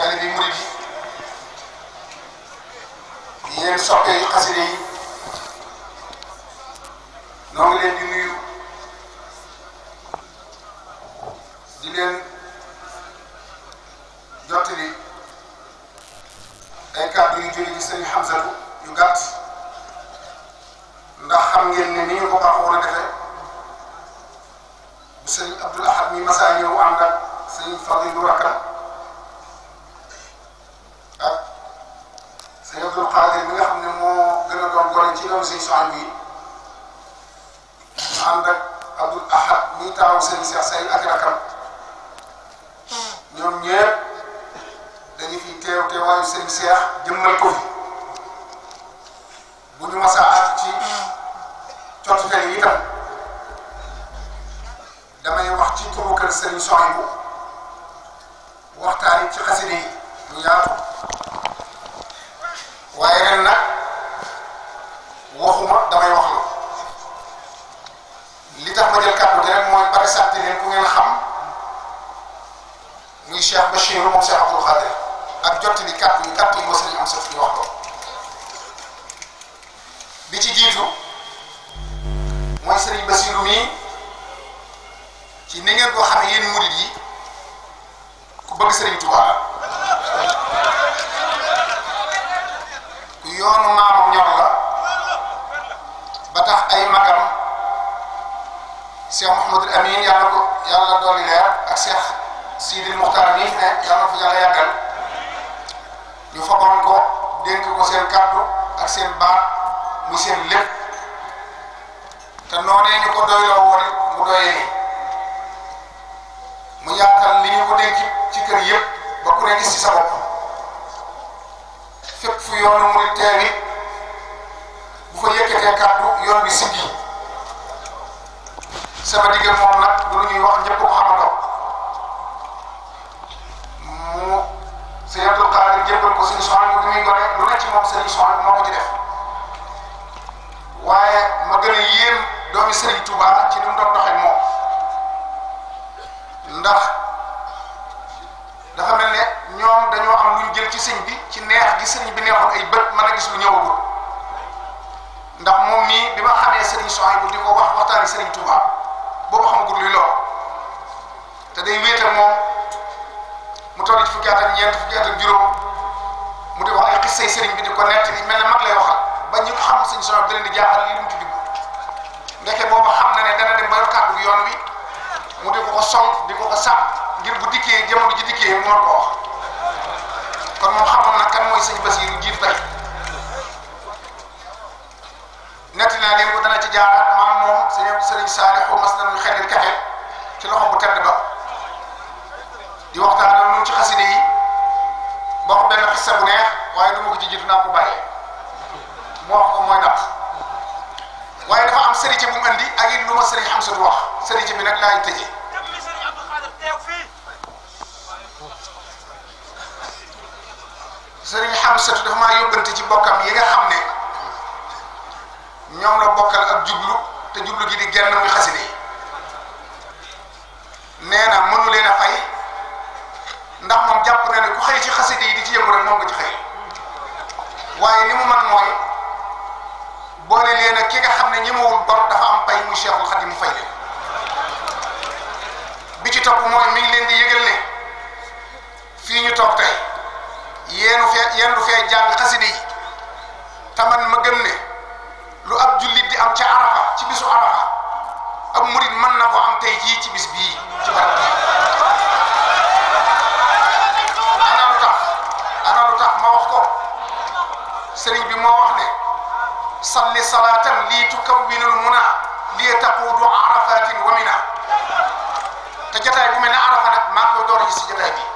daane bi murid yi yéen soppe yi xaside yi noo ngi leen di nuyu di leen jottali ay kàddu yu jóge ci sëñ Hamzatu yu gàtt ndax xam ngeen ne ni ñu ko baaxoo la defee bu sëñ Abdul Ahad mi masaa ñëw ànd ak sëñ Fadilu Rakka sëñ Abdul Xaadir bi nga xam ne moo gën a doon gone ci doom sëñ Soxna bi ànd ak Abdul Ahad mi taaw sëñ Cheikh say ak rakam ñoom ñëpp dañu fi teew teewaayu sëñ Cheikh jëmmal ko fi bu ñu masa at ci cottite yi itam damay wax ci turu kër sëñ Soxna bu waxtaan yi ci xaside yi mu yaatu waaye ren nag waxuma damay wax la li tax ma jël kàddu gi rek mooy présenté leen ku ngeen xam muy Cheikh Bachir moom Cheikh Abdoul Khadir ak jottali kàddu yi kàddu yi mos nañu am sa fi wax ko bi ci jiitu mooy Serigne Bassirou mii ci ni ngeen ko xamee yéen murid yi ku bëgg Serigne Touba. yoonu maamam ñoom la ba tax ay magam Cheikh Mouhamadul Amin yàlla ko yàlla dolli leer ak Cheikh Sidil Muxtaar nii ne yàlla fa yàlla yàggal ñu faboon ko dénk ko seen kàddu ak seen baat mu seen lépp te noonee ñu ko doyloo woon mu doyee mu yaatal li ñu ko dénk ci kër yëpp ba ku ne ci sa fépp fu yoonu muy teew it bu fa yëkkatee kàddu yoon bi siggi sama digg moom nag bu lu ñuy wax ñëpp ko xamandoo mu sëñ Abdou Khadre jébbal ko suñu soxna bi bu muy gone lu ne ci moom sëñ soxna bi moo ko ci def waaye ma gën a yéem doomi Sëriñ Tuubaa ci ni mu doon doxee moom ndax dafa mel ne cofeel ci sëñ bi ci neex gi sëñ bi neexul ay bët man a gis lu ñëwagul ndax moom mii ma xamee sëriñ Sohaybu di ko wax waxtaani sëriñ Tuubaa boobu xamagul luy lool te day wéetal moom mu toll ci fukki at ak ñeent fukki at ak juróom mu di bi di ko nett li mel ne mag lay waxal ba ñu xam sëriñ Sohaybu di jaaxal lii lu mu ci jublu xam na ne dana dem ba yor yoon wi mu di ko ko song di ko ko sàpp ngir bu dikkee jamono ji dikkee mu war wax kon moom xamoon na kan mooy sëñ Basiiru jiit bari netti naa leen ko dana ci jaaraat maam moom sëñ sëriñ Saalihu mas nañu xelil kafe ci loxo bu tedd ba di waxtaan ak ñun ci xaside yi bokk benn xissa bu neex waaye du ma ko ci jiitu naa ko bàyyee mu wax ko mooy natt waaye dafa am sëriñ bu mu andi ak it lu ma sëriñ Xamsatu wax sëriñ bi nag laay tëjee. sëriñ Xamsatu dafa maa yóbbante ci bokkam yi nga xam ne ñoom la bokkal ak jublu te jublu gi di genn muy xaside yi nee na mënu leen a fay ndax moom jàpp na ne ku xëy ci xaside yi di ci yëngu rek moom nga ci xëy waaye li mu man mooy boole leen ak ki xam ne ñemewul bor dafa am pay mu Cheikhul Xadim mu fay leen bi ci topp mooy mi ngi leen di yëgal ne fii ñu toog tey yéenu fee yéen du fee jàng xasida ma gëm ne lu ab jullit di am ca arafa ci bisu arafa ab murit mën na ko am tey jii ci bis bii ci barke ana lu ma wax ko sëriñ bi moo wax ne salli salaatan lii tukawwinul muna lii taquudu arafatin wa mina te jataay bu mel ne arafa nag maa ngi door gis si jataay bi